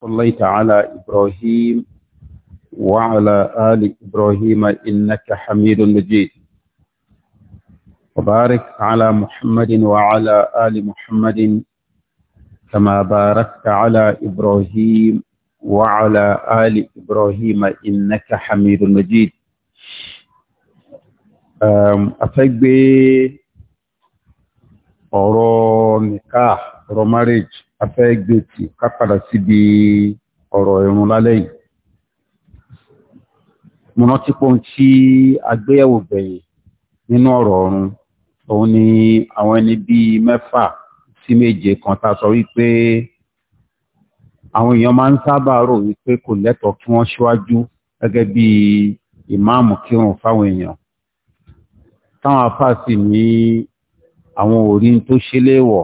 صليت على إبراهيم وعلى آل إبراهيم إنك حميد مجيد وبارك على محمد وعلى آل محمد كما باركت على إبراهيم وعلى آل إبراهيم إنك حميد مجيد um, أتكبي أورو نكاح أورو marriage a fẹ́ gbé tì ká padà síbi ọ̀rọ̀ ìrun lálẹ́ yìí mo rántí pé ohun tí agbéyẹ̀wò gbẹ̀yìn nínú ọ̀rọ̀ ọ̀run òun ni àwọn ẹni bíi mẹ́fà sí méje kan tá a sọ wípé àwọn èèyàn máa ń sábà rò wípé kò lẹ́tọ̀ọ́ kí wọ́n ṣíwájú gẹ́gẹ́ bí ìmáàmù kírun fáwọn èèyàn táwọn afáàsì ní àwọn òrí tó ṣe léèwọ̀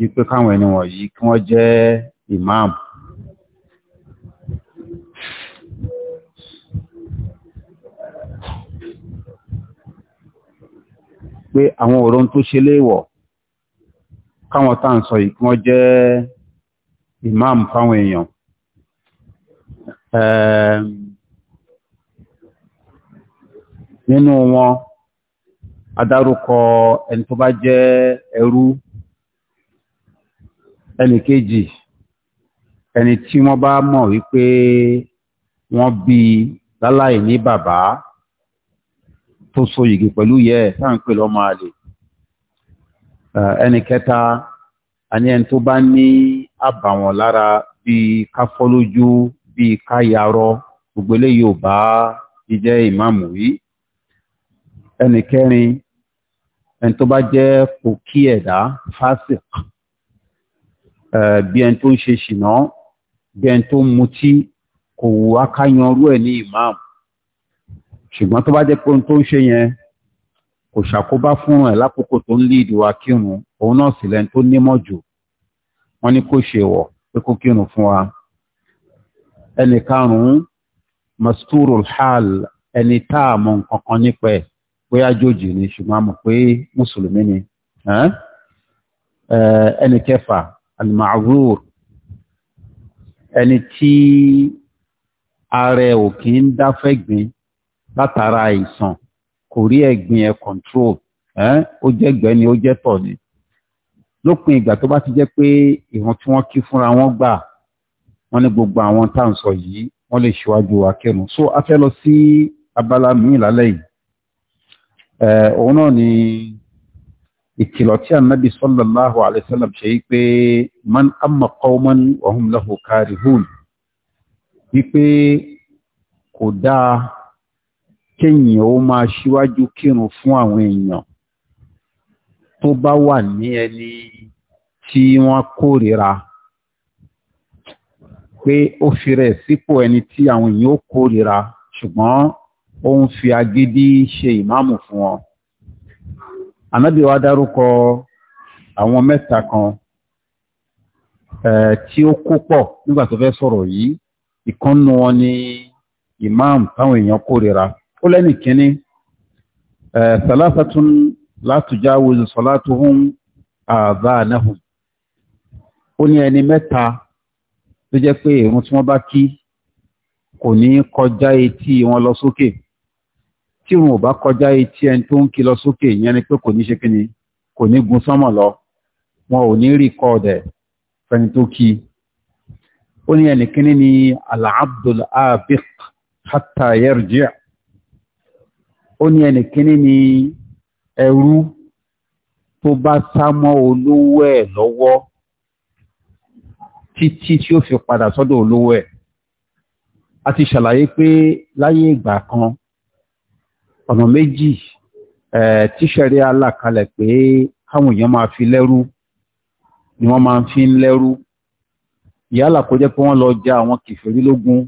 wípé káwọn ẹni wọ̀nyí kí wọ́n jẹ́ imam pé àwọn òrùn tó ṣe léèwọ̀ káwọn tá ń sọ yìí kí wọ́n jẹ́ imam fáwọn èèyàn nínú wọn adárúkọ ẹni tó bá jẹ́ ẹrú ẹnìkejì ẹni tí wọ́n bá mọ̀ wípé wọ́n bí láláì ní bàbá tó so yìgì pẹ̀lú yẹ ẹ̀ sáà ń pè lọ́mọ àlè ẹni kẹta àní ẹni tó bá ní àbàwọ̀n lára bíi káfọ́ lójú káyarọ gbogbo eléyìí ò bá jíjẹ́ ìmáàmù yìí ẹni kẹrin ẹni tó bá jẹ́ kòkí ẹ̀dá fásik bí ẹni tó ń ṣe ṣìnà bí ẹni tó ń mutí kò wù á ká yanrú ẹ̀ ní imam ṣùgbọ́n tó bá jẹ́ pé ohun tó ń ṣe yẹn kò ṣàkóbá fún ẹ̀ lákòókò tó lead wa kírun òun náà sì lẹ́ni tó nímọ̀ jù wọ́n ní kó ṣe wọ̀ pé kó kírun fún wa ẹnì karùn-ún hal ẹni tá a mọ nǹkan kan nípa ẹ̀ bóyá jòjì ni ṣùgbọ́n kwe mọ̀ pé mùsùlùmí ni ẹnì al-ma'zur ẹni tí ààrẹ òkè ń dáfẹ́gbìn látara àìsàn kò rí ẹ̀gbìn ẹ̀ control ó jẹ́ gbẹ́ni ó jẹ́ tọ̀ ni lópin ìgbà tó bá ti jẹ́ pé ìwọ̀n tí wọ́n kí fúnra wọn gbà wọ́n ní gbogbo àwọn tá à ń sọ yìí wọ́n lè ṣíwájú wa kírun so a fẹ́ lọ sí abala míì lálẹ́ yìí òun náà ni ìkìlọ̀ tí ànábì sallallahu alaihi wasallam ṣe pé man amma qauman wa hum lahu karihun wípé kò dáa kéèyàn ó máa ṣíwájú kírun fún àwọn èèyàn tó bá wà ní ẹni tí wọ́n kórìíra pé ó fi rẹ̀ sípò ẹni tí àwọn èèyàn ó kórìíra ṣùgbọ́n ó ń fi agídí ṣe ìmáàmù fún wọn ànábì wa dárúkọ àwọn mẹ́ta kan tí ó kó pọ̀ nígbà tó fẹ́ sọ̀rọ̀ yìí ìkànnù wọn ni imam táwọn èèyàn kórìíra ó lẹ́nì kínní sàlásàtún látùjáwòzù sọlátùhún àbánáhùn ó ní ẹni mẹ́ta tó jẹ́ pé ìrun tí wọ́n bá kí kò ní kọjá etí wọn lọ sókè. Okay tí wọn ò bá kọjá etí ẹni tó ń kí lọ sókè ìyẹn ni pé kò ní ṣe kí ni kò ní gun sánmọ̀ lọ wọn ò ní rí kọ́ fẹni tó kí ó ní ẹni kíní ni al-abdul abiq hatta ó ní ẹni kíní ni ẹrú tó bá sámọ́ olówó ẹ̀ lọ́wọ́ títí tí ó fi padà sọ́dọ̀ olówó ẹ̀ a ti ṣàlàyé pé láyé ìgbà kan ọ̀nà méjì tíṣẹ̀rí alákalẹ̀ pé káwọn èèyàn máa fi lẹ́rú ni wọ́n máa fi ń lẹ́rú yálà kó jẹ́ pé wọ́n lọ ja àwọn kìfèrí lógun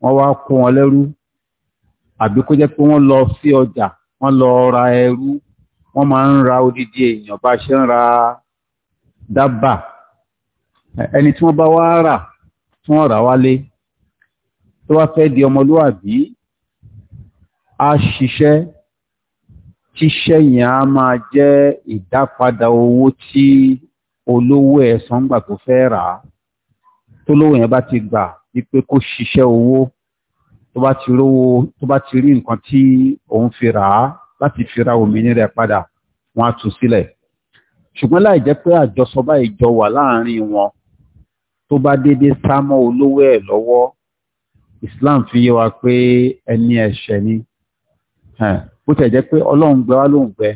wọ́n wá kó wọn lẹ́rú àbí kó jẹ́ pé wọ́n lọ sí ọjà wọ́n lọ ra ẹrú wọ́n máa ń ra odidi èèyàn bá ṣe ń ra dábà ẹni tí wọ́n bá wá rà tí wọ́n rà wálé tó wá fẹ́ di ọmọlúwàbí á ṣiṣẹ́ tíṣẹ́ yẹn á máa jẹ́ ìdápadà owó tí olówó ẹ̀sán gbà tó fẹ́ rà á tólówó yẹn bá ti gbà wípé kó ṣiṣẹ́ owó tó bá ti rówó tó bá ti rí nǹkan tí òun fi rà á láti fi ra òmìnira ẹ̀ padà wọ́n á tú sílẹ̀ ṣùgbọ́n láì jẹ́ pé àjọsọ báyìí wà láàrin wọn tó bá dédé sá mọ́ olówó ẹ̀ lọ́wọ́ Islam fi yé wa pé ẹni ẹ̀ṣẹ̀ ni bó tẹ̀ jẹ́ pé ọlọ́run gbẹ wá lóhùn gbẹ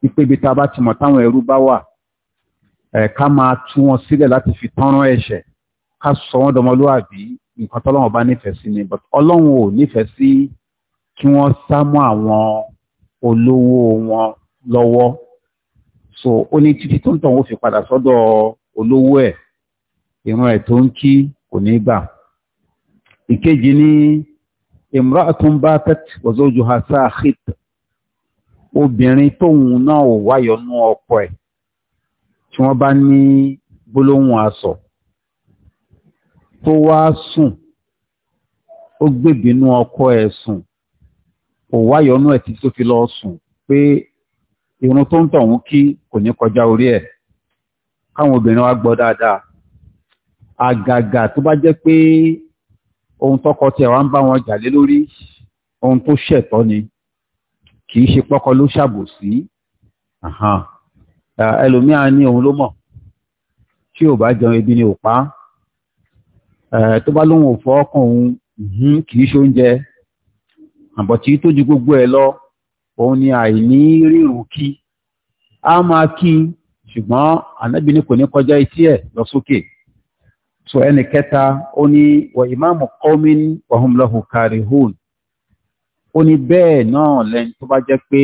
wípé ibi tá a bá ti mọ̀ táwọn ẹrú bá wà ká máa tú wọn sílẹ̀ láti fi tánrán ẹ̀ṣẹ̀ ká sọ wọ́n dọmọlúwàbí nǹkan tọ́lọ́run bá nífẹ̀ẹ́ sí ni but ọlọ́run ò nífẹ̀ẹ́ sí kí wọ́n sá mọ́ àwọn olówó wọn lọ́wọ́ so ó ní títí tó ń tọ̀ wọ́n fi padà sọ́dọ̀ olówó ẹ̀ ìran ẹ̀ tó ń kí kò ní gbà ìkejì ní imra'atun batat wa zawjuha sakhit obìnrin tóun náà ò wáyọnú ọkọ ẹ̀ tí wọ́n bá ní gbólóhùn asọ̀ tó wá sùn ó gbèbínú ọkọ ẹ̀ sùn ò wáyọnú ẹ̀ títí tó fi lọ sùn pé irun tó ń tọ̀hún kí kò ní kọjá orí ẹ̀ káwọn obìnrin wa gbọ́ dáadáa àgàgà tó bá jẹ́ pé ohun tọkọ tí àwa ń bá wọn jà lé lórí ohun tó ṣẹ̀tọ́ ni kì í ṣe pọ́kọ ló ṣàbòsí ẹlòmíà ní òun ló mọ̀ tí ò bá jẹun ebi ni ò pa tó bá lóun ò fọ́ ọkàn òun mhm, kì í ṣe oúnjẹ àbọ̀tí tó ju gbogbo ẹ̀ lọ òun ni àìní rírun kí a máa kí ṣùgbọ́n ànábì kò ní kọjá etí ẹ̀ lọ sókè. Okay so ẹni kẹta ó ní wà ìmáàmù qawmin wa hum lahu karihun ó ní bẹ́ẹ̀ náà lẹ́ni tó bá jẹ́ pé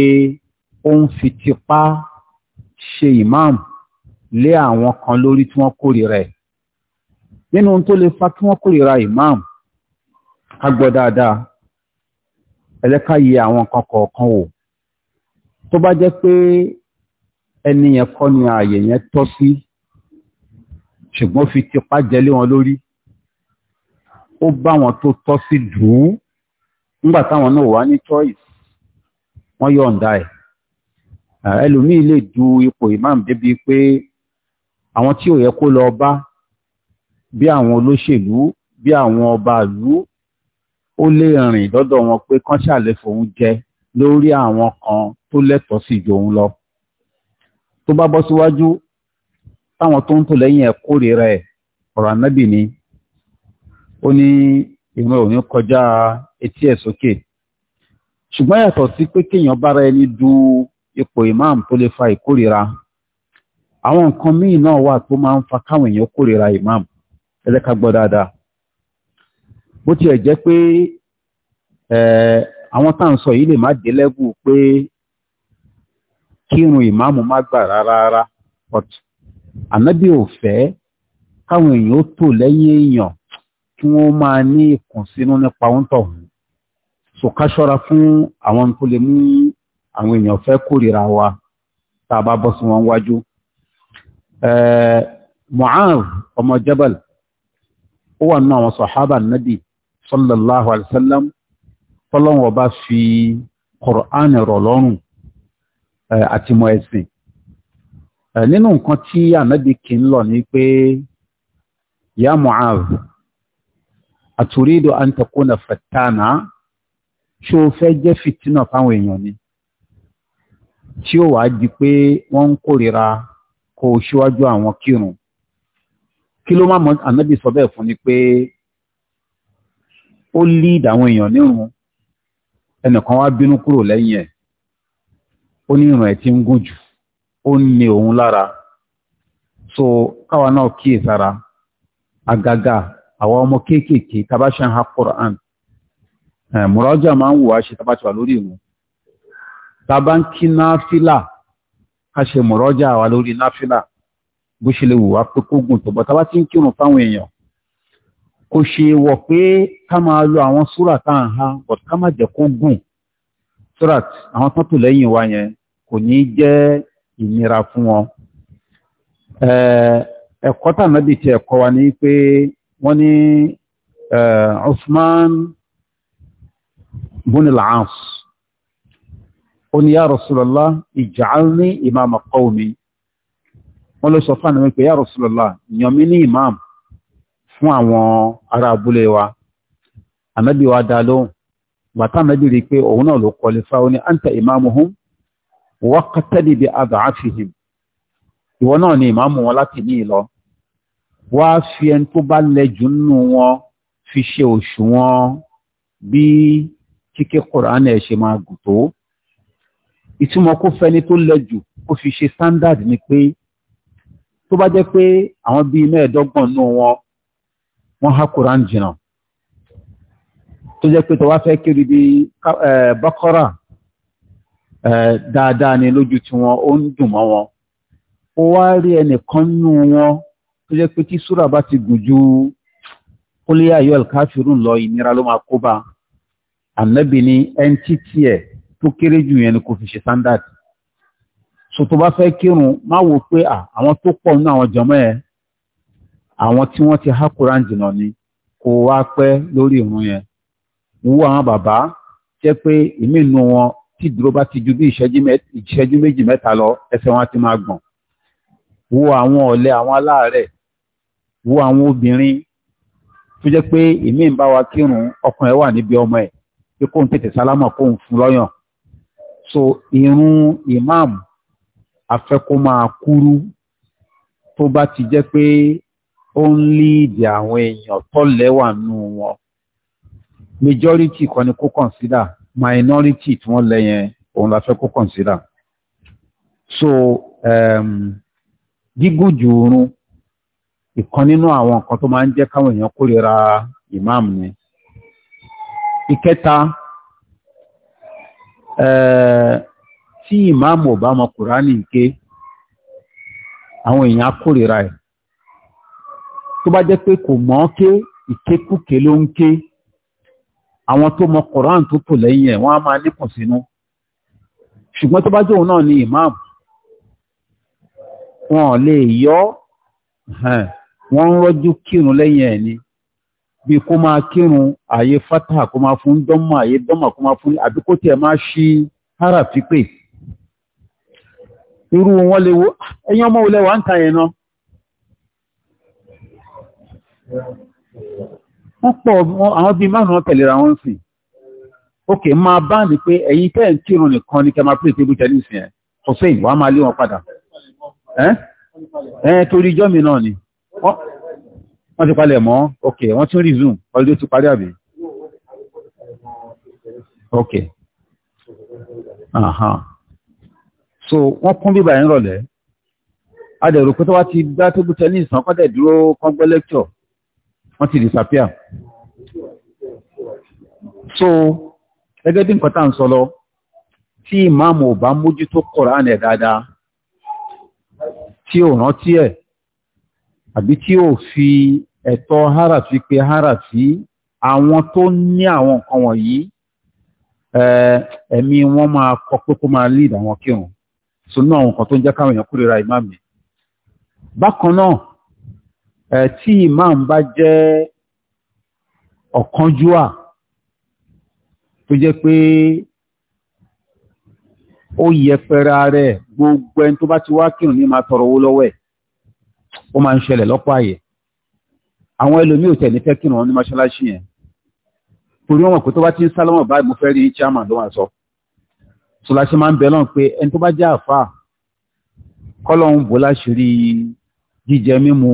ó ń fi tipá ṣe ìmáàmù lé àwọn kan lórí tí wọ́n kórìíra ẹ̀ nínú tó lè fa kí wọ́n kórìíra ìmáàmù ká gbọ́ dáadáa ẹlẹ́ka yẹ àwọn nǹkan kọ̀ọ̀kan wò tó bá jẹ́ pé ẹni yẹn kọ́ ni ààyè yẹn tọ́ sí ṣùgbọ́n fi tipá jẹlé wọn lórí ó bá wọn tó tọ́ sí dùn ún nígbà táwọn náà wà ní choice wọ́n yọ̀ǹda ẹ̀ ẹlòmíì lè du ipò imam débi pé àwọn tí ò yẹ kó lọ bá bí àwọn olóṣèlú bí àwọn ọba ìlú ó lè rìn dọ́dọ̀ wọn pé kán ṣàlẹ́ fòun jẹ lórí àwọn kan tó lẹ́tọ̀ọ́ sí ju òun lọ tó bá bọ́ síwájú táwọn tó ń tò lẹ́yìn ẹ̀ kórìíra ẹ̀ ọ̀rọ̀ ànábì ni ó ní ìmọ̀ òní kọjá etí ẹ̀ sókè ṣùgbọ́n yàtọ̀ sí pé kéèyàn bára ẹni du ipò imam tó lè fa ìkórìíra àwọn nǹkan míì náà wà tó máa ń fa káwọn èèyàn imam ẹ gbọ́ dáadáa bó tiẹ̀ jẹ́ pé àwọn tá à ń sọ yìí lè má dé lẹ́gùn pé kírun má ànábì ò fẹ́ káwọn èèyàn ó tò lẹ́yìn èèyàn kí wọ́n máa ní ìkùnsínú nípa ohun tọ̀hún so ká ṣọ́ra fún àwọn tó lè mú àwọn èèyàn fẹ́ kórìíra wa tá a bá bọ́ sí wọn wájú Mu'adh ọmọ Jabal ó wà nínú àwọn sọ̀hábà nábì sallallahu alaihi wasallam tọ́lọ́wọ́ bá fi Qur'an rọ̀ lọ́rùn àti mọ̀ ẹ̀sìn nínú nǹkan tí ànábì kì lọ ni pé ya Mu'adh àtúrídò an takuna ṣó fẹ́ jẹ́ fitina fáwọn èèyàn ni tí ó wàá di pé wọ́n ń kórira o àwọn kírun kí ló máa mọ ànábì sọ bẹ́ẹ̀ fún ni pé ó líìdì àwọn èèyàn nírun ẹnìkan wá bínú kúrò lẹ́yìn ẹ̀ ó ní ẹ̀ ń gùn ó ń ni òun lára so káwa náà kíyè sára agaga àwọn ọmọ kéékèèké tàbá ṣe ń ha Qur'an eh, mùrájà máa ń wù ṣe tàbá ti wà lórí ìmú tàbá ń kí náfílà ṣe wà lórí náfílà bó ṣe lè kò ṣe wọ̀ pé ká máa lo àwọn súrà ha but ká má jẹ́ kó gùn súrà àwọn tán lẹ́yìn wa yẹn kò ìnira fún wọn eh, ẹ̀kọ́ tànàbì tí ẹ̀kọ́ wa ní pé wọ́n ní eh, Usman bun al-As ó ní ya Rasulullah ij'alni imama qawmi wọ́n ló sọ fún àwọn pé ya Rasulullah yàn mí ní imam fún àwọn ará abúlé wa ànábì dá lóhùn bàtà ànábì pé òun náà ló kọlifá ó ní anta imamuhum waqtadi bi ad'afihim ìwọ náà ni ìmáàmù wọn láti ní ìlọ wá fi ẹni tó bá lẹ́jù nínú wọn fi ṣe òṣùwọ̀n bí kíkẹ́ kọ̀ránì ẹ̀ ṣe máa gùn tó ìtumọ̀ kó fẹ́ni tó lẹ́jù kó fi ṣe standard ni pé tó bá jẹ́ pé àwọn bíi mẹ́ẹ̀ẹ́dọ́gbọ̀n nínú wọn wọ́n há kọ̀ránì jìnnà tó jẹ́ pé tó wá fẹ́ kiri bí eh, bákọ́rà dáadáa ni lójú tí wọn ó ń dùn mọ́ wọn ó wá rí ẹnìkan nínú wọn tó jẹ́ pé tí súrà bá ti gùn ju kólíyà yọ alkafirun lọ ìnira ló máa kó bá ànábì ní ẹni títí tó kéré jù yẹn ni kò fi ṣe standard so tó bá fẹ́ kírun má wò pé àwọn tó pọ̀ nínú àwọn jọmọ́ ẹ̀ àwọn tí wọ́n ti há koran jìnnà ni kò wá pẹ́ lórí ìrun yẹn wo àwọn bàbá jẹ́ pé ìmí inú wọn tí dúró bá ti ju bí ìṣẹ́jú méjì mẹ́ta lọ ẹsẹ̀ wọn ti máa gbọ̀n wo àwọn ọ̀lẹ àwọn aláàárẹ̀ wo àwọn obìnrin tó jẹ́ pé èmi ń bá wa kírun ọkàn ẹ̀ wà níbi ọmọ ẹ̀ pé kóun tètè sálámà kóun fún lọ́yàn so irun ìmáàmù afẹ́kó máa kúrú tó bá ti jẹ́ pé ó ń líìdì àwọn èèyàn tọ́lẹ̀ wà nù wọn majority kan ni kó consider minority tí wọ́n lẹ yẹn òun la fẹ́ kó consider so um, gígùn jù oorun ìkan nínú àwọn nǹkan tó máa ń jẹ́ káwọn èèyàn kórìíra imam ni ìkẹta eh, tí imam ò bá mọ kùránì ké àwọn èèyàn kórìíra ẹ̀ tó bá jẹ́ pé kò mọ̀ ké ìkékùké ló ń ké. àwọn tó mọ koran tó tò lẹ́yìn ẹ̀ wọ́n á máa níkùn sínú ṣùgbọ́n tó bá jẹ́ òun náà ni imam wọn lè yọ́ wọ́n ń rọ́jú kírun lẹ́yìn ẹ̀ ni bí kó máa kírun àyè fátà kó máa fún dọ́mà àyè dọ́mà kó máa fún àbí kó tiẹ̀ máa ṣí hárà pípé irú wọn lè wo ẹ̀yin ọmọ olẹ́wà ń ta yẹn náà wọ́n pọ̀ àwọn bíi márùn-ún tẹ̀lera wọn sì ókè máa bá ní pé ẹ̀yin tẹ́ ń kírun nìkan ní kẹ́ máa pè tébù tennis yẹn hussein wàá máa lé wọn padà ẹ́ torí ijọ́ mi náà ni wọ́n ti palẹ̀ mọ́ ókè wọ́n tún resume ọdún ti parí àbí ókè so wọ́n kún bíbà ẹ̀ ń rọ̀lẹ́ adẹ̀rù pé tó wá ti dá tébù tennis náà kọ́ dẹ̀ dúró kọ́gbẹ́ lecture wọ́n ti disappear. so gẹ́gẹ́ bí nǹkan tá ń sọ lọ tí ìmáàmù ò bá mójútó Kùránì ẹ̀ dáadáa tí ò rántí ẹ̀ àbí tí ò fi ẹ̀tọ́ háràfí pé háràfí àwọn tó ní àwọn nǹkan wọ̀nyí ẹ̀mí wọn máa kọ pé kó máa lead àwọn kírun nǹkan tó ń jẹ́ káwọn èèyàn ìmáàmù bákan tí imam bá jẹ́ ọ̀kánjúwà tó jẹ́ pé ó yẹpẹra rẹ̀ gbogbo ẹni tó bá ti wá kírun ní máa tọrọ owó lọ́wọ́ ẹ̀ ó máa ń ṣẹlẹ̀ lọ́pọ̀ àyè àwọn ẹlòmí ò tẹ̀lé fẹ́ kírun ní mọ́ṣáláṣí yẹn torí wọn kò tó bá ti ń sálámọ̀ báyìí mo fẹ́ rí chairman ló wà sọ tùlàṣẹ máa ń bẹ lọ́n pé ẹni tó bá jẹ́ àfà kọ́lọ́hún bò láṣìírí jíjẹ mímu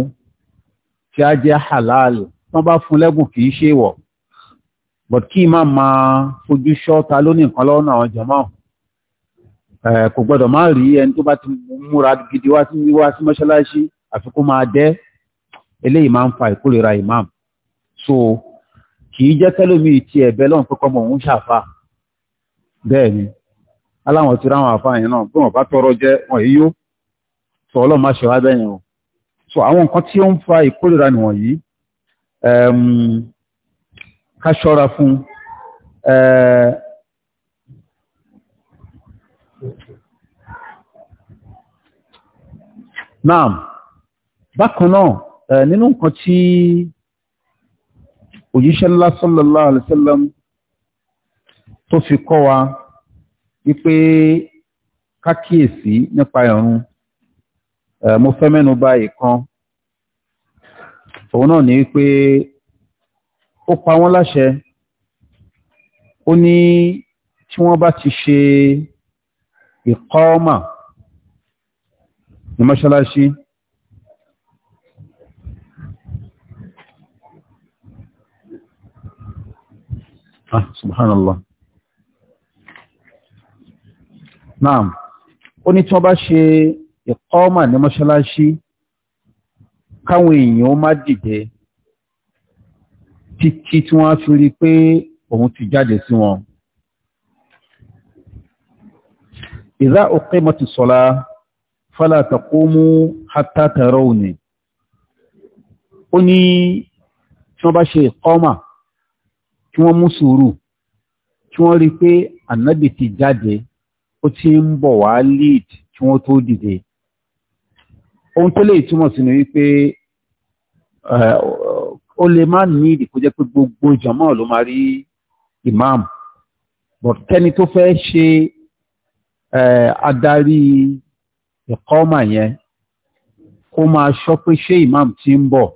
kí á jẹ́ halal tán bá fún lẹ́gùn kì í ṣe wọ̀ but kí ma, máa fojú ṣọ́ta lónìí nǹkan lọ́nà àwọn jọmọ́ kò gbọ́dọ̀ má rí ẹni tó bá ti múra gidi wá sí wá sí máa dẹ́ eléyìí máa fa ìkórira imam so kì í jẹ́ tẹ́lómi ti ẹ̀bẹ́ lọ́n pé kọ́mọ òun ṣàfà bẹ́ẹ̀ ni aláwọn ti ráwọn àfààyàn náà bí wọ́n bá tọrọ jẹ́ wọ́n yíyó sọ ọlọ́run so àwọn nǹkan tí ó ń fa ìkórìíra nìwọ̀nyí ká ṣọ́ra fún naam bákan náà nínú nǹkan tí òjíṣẹ́ ńlá sallallahu alaihi wasallam tó fi kọ́ wa wípé kákíyèsí nípa ẹ̀rùn mo fẹ́ mẹ́nu bà ìkan òun náà ní pé ó pa wọ́n láṣẹ ó ní tí wọ́n bá ti ṣe ìkọ́ọ́mà ní mọ́ṣáláṣí ah subhanallah naam ó ní tí wọ́n bá ṣe ìkọ́ọ̀mà ní mọ́ṣáláṣí káwọn èèyàn má dìde títí tí wọ́n á fi rí pé òun ti jáde sí wọn. ìdá òpin mọ́ ti sọ́lá fálà tàkómú hátà tẹ̀rọ òní ó ní tí wọ́n bá ṣe ìkọ́ọ̀mà kí wọ́n mú sùúrù kí wọ́n rí pé ànábì ti jáde ó ti ń bọ̀ wá lead kí wọ́n tó dìde ohun tó lè túmọ̀ sí ni wípé eh, ó lè má ní ìdíkójẹ́ pé gbogbo jọmọ́ ló máa rí imam but kẹ́ni tó fẹ́ ṣe eh, adarí ìkọ́mà yẹn kó máa sọ pé ṣé imam ti ń bọ̀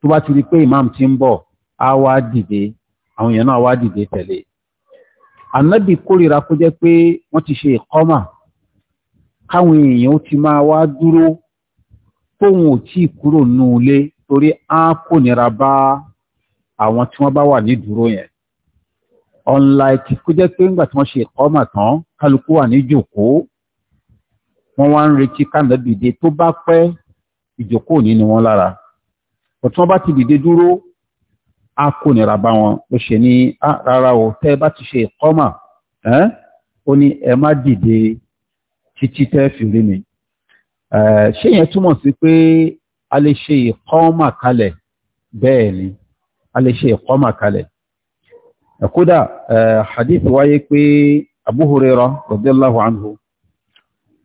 tó bá ti rí pé imam ti ń bọ̀ á wá dìde àwọn èèyàn náà wá dìde tẹ̀lé ànábì kórìíra kó jẹ́ pé wọ́n ti ṣe ìkọ́mà káwọn èèyàn ó ti máa wá dúró tóun ò tí ì kúrò nínú ilé torí á kò nira bá àwọn tí wọ́n bá wà ní dúró yẹn unlike kó jẹ́ pé ńgbà tí wọ́n ṣe ìkọ́mà tán kálukú wà ní jòkóó wọ́n wá ń retí kánàbì dé tó bá pẹ́ ìjókòó ní ni wọ́n lára ọ̀tí wọ́n bá ti dìde dúró á kò nira bá wọn ló ṣe ní ah, rárá o tẹ́ bá ti ṣe ìkọ́mà ó ní ẹ má dìde títí tẹ́ fi rí mi ṣé yẹn túmọ̀ sí pé a lè ṣe ìkọ́mà kalẹ̀ bẹ́ẹ̀ ni a lè ṣe ìkọ́mà kalẹ̀ kódà hadith wáyé pé Abu Hurairah radiyallahu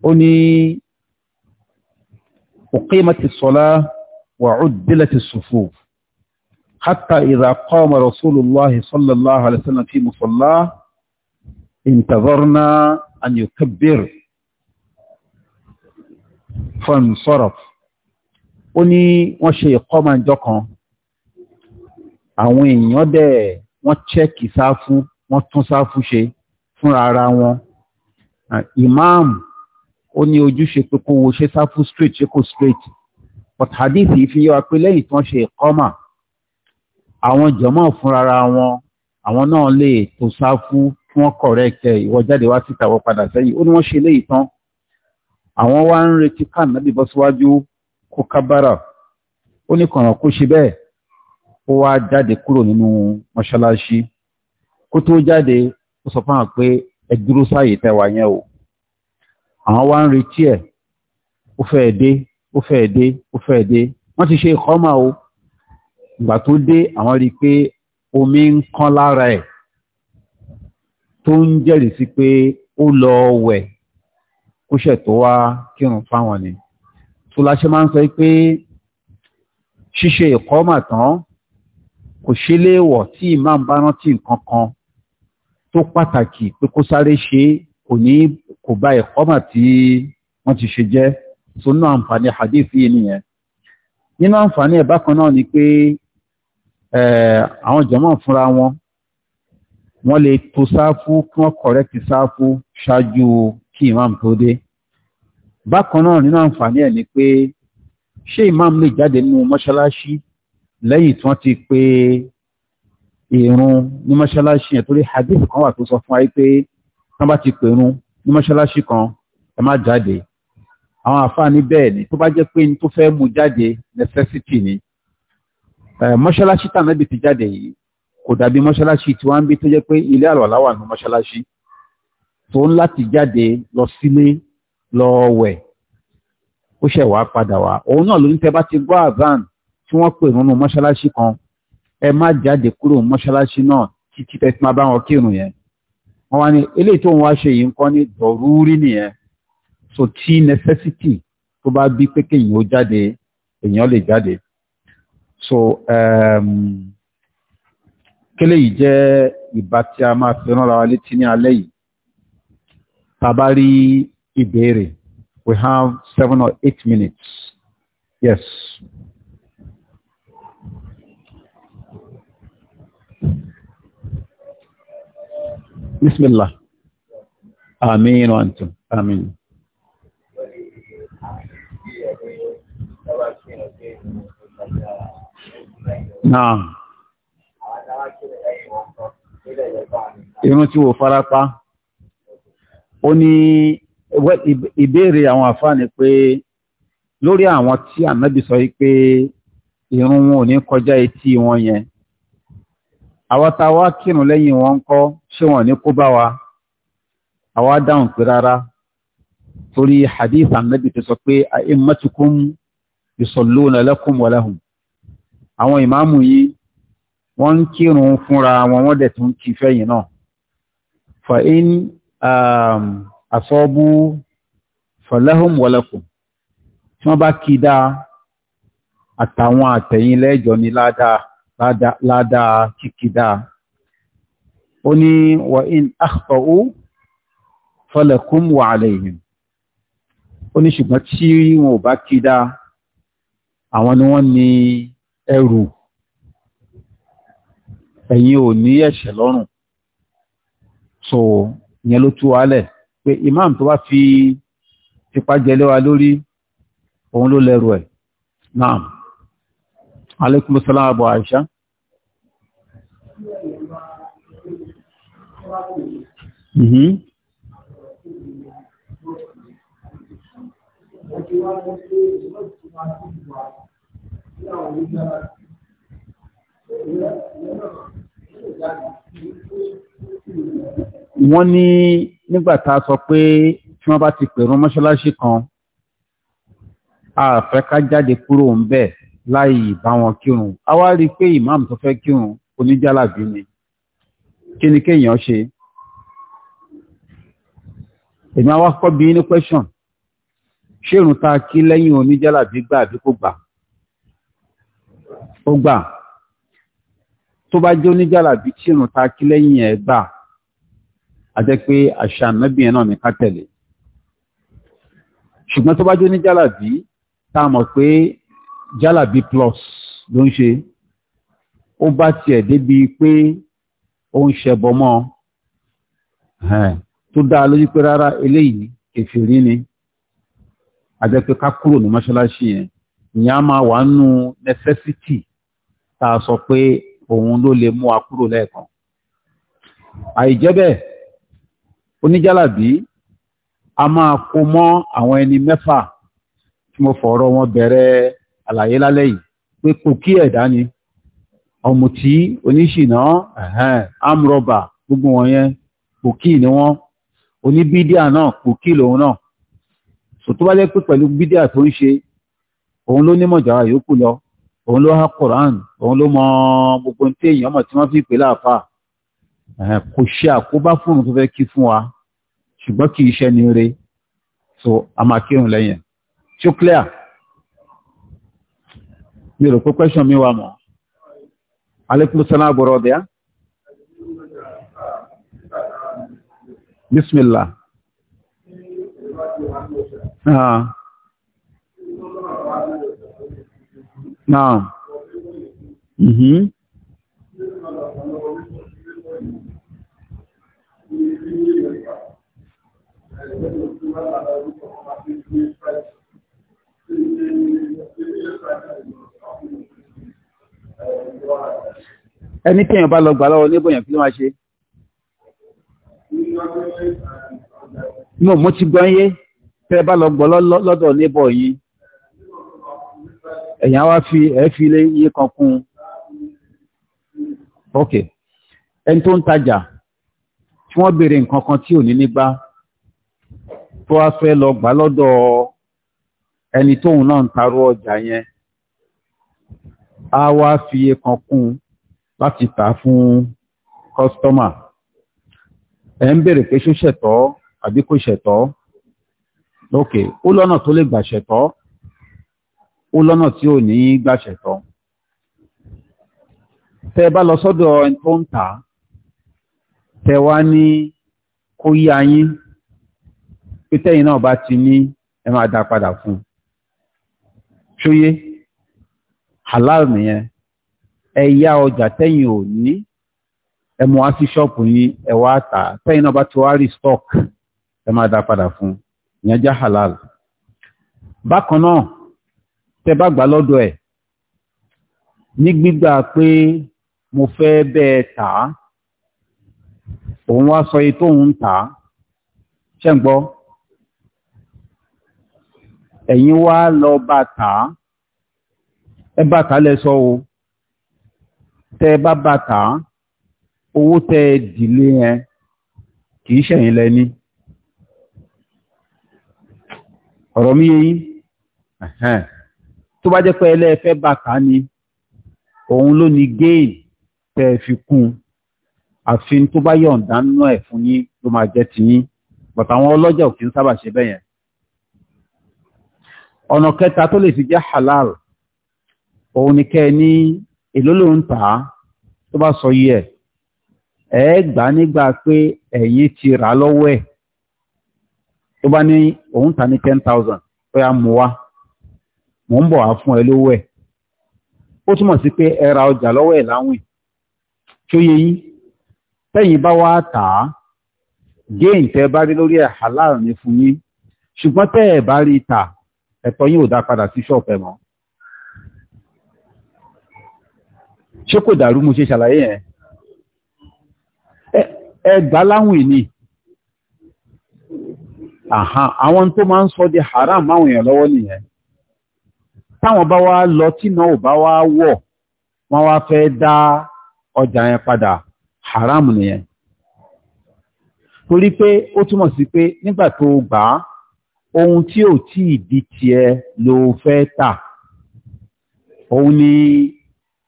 ó ní uqimati salah wa uddilati sufuf حتى إذا قام رسول الله صلى الله عليه وسلم في مصلاه انتظرنا أن يكبر fansaraf ó ní wọ́n ṣe ìkọ́mọ̀jọ kan àwọn èèyàn dẹ̀ wọ́n chẹ́kì sáfú wọ́n tún sáfú ṣe fúnra ara wọn ìmáàmù ó ní ojúṣe pé kó wo ṣe sáfú straight ṣe kó straight but hadith yìí fi yé wa pé lẹ́yìn tí wọ́n ṣe ìkọ́mà àwọn jọmọ́ fúnra ara wọn àwọn náà lè tó Safu, kí correct ẹ̀ ìwọ jáde wá síta wọ́n padà sẹ́yìn ó ní wọ́n ṣe léyìí tán àwọn wá ń retí ká nàbì bọ́ síwájú kó kábàrà ó ní kọ̀ọ̀ràn kó ṣe bẹ́ẹ̀ ó wá jáde kúrò nínú mọ́ṣáláṣí kó tó jáde ó sọ fáwọn pé ẹ dúró sáàyè tẹwàá yẹn o àwọn wá ń retí ẹ̀ ó fẹ́ dé ó fẹ́ dé ó fẹ́ dé wọ́n ti ṣe ìkọ́mà o ìgbà tó dé àwọn rí i pé omi ń kán lára ẹ̀ tó ń jẹ́rìí sí pé ó lọ wẹ̀ ó ṣẹ̀ tó wá kírun fáwọn ni tó láṣẹ máa ń sọ pé ṣíṣe ìkọ́mà tán kò ṣe léèwọ̀ tí imam bá rántí nǹkan kan tó pàtàkì pé kó sáré ṣe kò ní kò bá ìkọ́mà tí wọ́n ti ṣe jẹ́ tó ná àǹfààní hadith yìí nìyẹn nínú àǹfààní ẹ̀ bákan náà ni pé àwọn jọmọ́ fúnra wọn wọ́n lè to sáfù kí wọ́n kọ̀rẹ́kì sáfù ṣáájú kí imam tó dé bákan náà nínú àǹfààní ẹ̀ ni pé ṣé imam lè jáde nínú mọ́ṣáláṣí lẹ́yìn tí wọ́n ti pé ìrun ní mọ́ṣáláṣí yẹn torí hadith kan wà tó sọ fún ayé pé wọ́n bá ti pè ìrun ní mọ́ṣáláṣí kan ẹ má jáde àwọn àǹfààní bẹ́ẹ̀ ni tó bá jẹ́ pé ní tó fẹ́ mú jáde necessity ni mọ́ṣáláṣí tànàbì ti jáde yìí kò dàbí mọ́ṣáláṣí tí wọ́n ń bí tó jẹ́ pé ilé àlọ́lá ní mọ́ṣáláṣí tó ń láti jáde lọ sílé lọ wẹ̀ ó ṣẹ̀ wá padà wá òun náà ló ń tẹ́ bá ti gbọ́ àzán tí wọ́n pè nínú mọ́ṣáláṣí kan ẹ má jáde kúrò mọ́ṣáláṣí náà títí tẹ́ fi máa kírun yẹn wọ́n wá ní eléyìí tóun wá ṣe yìí ń kọ́ ní dọ̀rúurí nìyẹn so tí necessity tó bá bí pé kéèyàn ó jáde èèyàn lè jáde so ehm, kélé yìí jẹ́ ìbá tí a máa fi rán ra wa létí ní alẹ́ yìí tá a bá rí Iberi. We have seven or eight minutes. Yes. Bismillah. Amin wa antum. Amin. Naam. Irun tí wo farapa. Ó ní ìbéèrè àwọn àfáàní pé lórí àwọn tí ànábì sọ pé irun wọn ò ní kọjá etí wọn yẹn àwa tá a wá kírun lẹ́yìn wọn ń kọ́ ṣé wọn ní kó bá wa àwa dáhùn pé rárá torí hadith ànábì ti sọ pé a'immatukum yusalluna lakum wa lahum àwọn ìmáàmù yìí wọ́n ń kírun fúnra wọn wọ́n dẹ̀ tún kí fẹ́yìn náà fa in um, àsọ́ọ́bù fọlẹ́hùn wọlẹ́kùn tí wọ́n bá kí dáa àtàwọn àtẹ̀yìn lẹ́jọ́ ni ládàá ládàá kíkí dáa ó ní wà in akhta'u falakum wa alayhim ó ní ṣùgbọ́n tí wọn bá kí dáa àwọn ni wọ́n ní ẹrù ẹ̀yin ò ní ẹ̀ṣẹ̀ lọ́rùn so ìyẹn ló tú wálẹ̀ pé imam tó wá fi tipa jẹlé wa lórí òun ló lẹ́rù ẹ̀ naam alaikum salam abu aisha mhm Thank wọ́n ní nígbà tá a sọ pé tí wọ́n bá ti pèrún mọ́ṣáláṣí kan a fẹ́ ká jáde kúrò ń bẹ̀ láì bá wọn kírun a wá rí i pé ìmáàmù tó fẹ́ kírun oníjàlábí ni kí ni kéèyàn ṣe èmi àwa kọ́ ní question ṣé ìrun ta kí lẹ́yìn oníjàlábí gbà àbí kò gbà ó gbà tó bá jó ní jàlàbí tí ìrùn ta kí lẹ́yìn ẹ̀ gbà á jẹ́ pé àṣà ànábìyẹn náà ní ká ṣùgbọ́n tó bá jó ní jàlàbí tá a mọ̀ pé jàlàbí plus ló ń ṣe ó bá tiẹ̀ débi pé ó ń ṣẹbọ mọ́ tó dá a lójú pé rárá eléyìí kèfèrí ni a pé ká kúrò ní mọ́ṣáláṣí yẹn ìyẹn máa wà nù necessity tá a sọ pé òun ló lè mú wa kúrò lẹ́ẹ̀kan àìjẹ́ bẹ́ẹ̀ oníjàlábí a máa kó mọ́ àwọn ẹni mẹ́fà tí mo fọ̀rọ̀ wọn bẹ̀rẹ̀ àlàyé lálẹ́ yìí pé kò kí ẹ̀dá ni ọ̀mùtí oníṣìná amrọ̀bà gbogbo wọn yẹn kò kí ni wọ́n oníbídíà náà kò kí lòun náà sòtúbálẹ́ pé pẹ̀lú bídíà tó ń ṣe òun ló nímọ̀ jàrá yòókù lọ òun ló há Quran òun ló mọ gbogbo ní téèyàn mọ̀ tí wọ́n fi pè láàfà kò ṣe àkóbá fóun tó fẹ́ kí fún wa ṣùgbọ́n kì í ṣe ni re so a máa kírun lẹ́yìn ṣó clear mi rò pé question mi wà mọ́ alekulu sana agbọ̀rọ̀ ọ̀dẹ́ á Ah. Náà. Mhm. Ẹni tí èèyàn bá lọ gbà lọ́wọ́ níbòyàn kí ló máa ṣe? Mo mú ti gbọ́n yé, tẹ́ bá lọ gbọ́ lọ́dọ̀ níbọ̀ yìí ẹ̀yàn wá fi ẹ̀fí lé iye kan kún un ok ẹni tó ń tajà tí wọ́n béèrè nǹkan kan tí ò ní nígbà tó wá fẹ́ lọ gbà lọ́dọ̀ ẹni tóun náà ń tarú ọjà yẹn á wá fi iye kan kún un láti tà fún kọ́sítọ́mà ẹ̀ ń béèrè pé ṣó ṣẹ̀tọ́ àbí kò ṣẹ̀tọ́ ok ó lọ́nà tó lè gbà ṣẹ̀tọ́ ó lọ́nà tí ò ní gbàṣẹ̀ tán tẹ́ bá lọ sọ́dọ̀ ẹni tó ń tà á wá ní kó yí yín pé tẹ́yìn náà bá ti ní ẹ máa dá padà fún ṣóyé halal nìyẹn ẹ ọjà tẹ́yìn ò ní ẹ mú wá sí ṣọ́ọ̀pù yín tẹ́yìn náà fún ìyẹn halal bákan náà tẹ́ bá gbà lọ́dọ̀ ẹ̀ ní gbígbà pé mo fẹ́ bẹ́ẹ̀ tà á òun wá sọ èyí tóun tà á ṣe ń gbọ́ ẹ̀yin wá lọ bá tà á ẹ bá tà á lẹ o tẹ́ bá bá tà á owó tẹ́ ẹ dìlé yẹn kì í ṣẹ̀yìn lẹ́ni ọ̀rọ̀ mi yé yín tó bá jẹ́ pé ẹlẹ́ẹ̀fẹ́ bàtà ni òun ló ní gain tẹ́ ẹ fi kún un àfi tó bá yọ̀ǹda nínú ẹ̀ fún yín ló máa jẹ́ tiyín but àwọn ọlọ́jà ò ń sábà ṣe bẹ́yẹn ọ̀nà kẹta tó lè fi jẹ́ halal òun ni kẹ́ ẹ ní èló ló ń tà á tó bá sọ yí ẹ̀ ẹ gbà nígbà pé ẹ̀yin ti rà lọ́wọ́ ẹ̀ tó bá ní òun tà ní ten thousand ó yá mú wá mo ń bọ̀ wá fún ẹ lówó ẹ̀ ó pe sí ẹ ọjà lọ́wọ́ ẹ̀ láwìn tó yẹ yín tẹ́yìn bá wá tà á tẹ́ bá rí lórí ẹ̀ ní fún yín ṣùgbọ́n tẹ́ bá rí tà ẹ̀tọ́ yín dàrú mo ṣe ṣàlàyé ẹ gbà láwìn ni àwọn tó máa ń sọ di haram yẹn lọ́wọ́ nìyẹn táwọn bá wá lọ tínà ò bá wá wọ̀ wọ́n wá fẹ́ dá ọjà yẹn padà haram nìyẹn torí pé ó túmọ̀ sí pé nígbà tó gbà á ohun tí ò tí ì di tiẹ̀ ló fẹ́ tà òun ni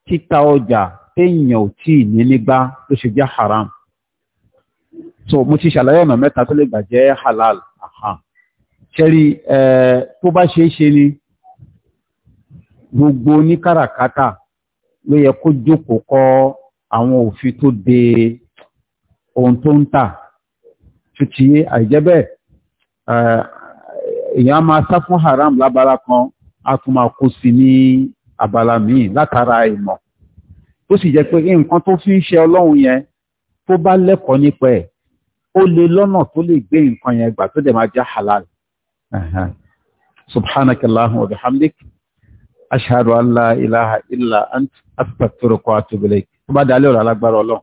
títa ọjà téèyàn ò tí ì nígbà tó ṣe jẹ́ haram so mo ti ṣàlàyé ọ̀nà mẹ́ta tó lè gbà jẹ́ halal ṣẹ́rí tó bá ṣeé ṣe ni gbogbo oníkàràkátà ló yẹ kó jókòó kọ àwọn òfin tó de ohun tó ń tà tuntun yé àìjẹ́bẹ̀ eh, èèyàn máa sá fún haram lábala kan a tún máa kó sí ní abala míì látara ìmọ̀ tó sì jẹ́ pé nǹkan tó fi ń ṣe ọlọ́run yẹn tó bá lẹ́kọ̀ọ́ nípa ẹ̀ ó lè lọ́nà tó lè gbé nǹkan yẹn gbà tó dẹ̀ máa jẹ́ halal subhanakallahumma wa bihamdik ashhadu an la ilaha illa anta astaghfiruka wa atubu ilayk tó bá dalẹ́ ọ̀rọ̀ alágbára ọlọ́run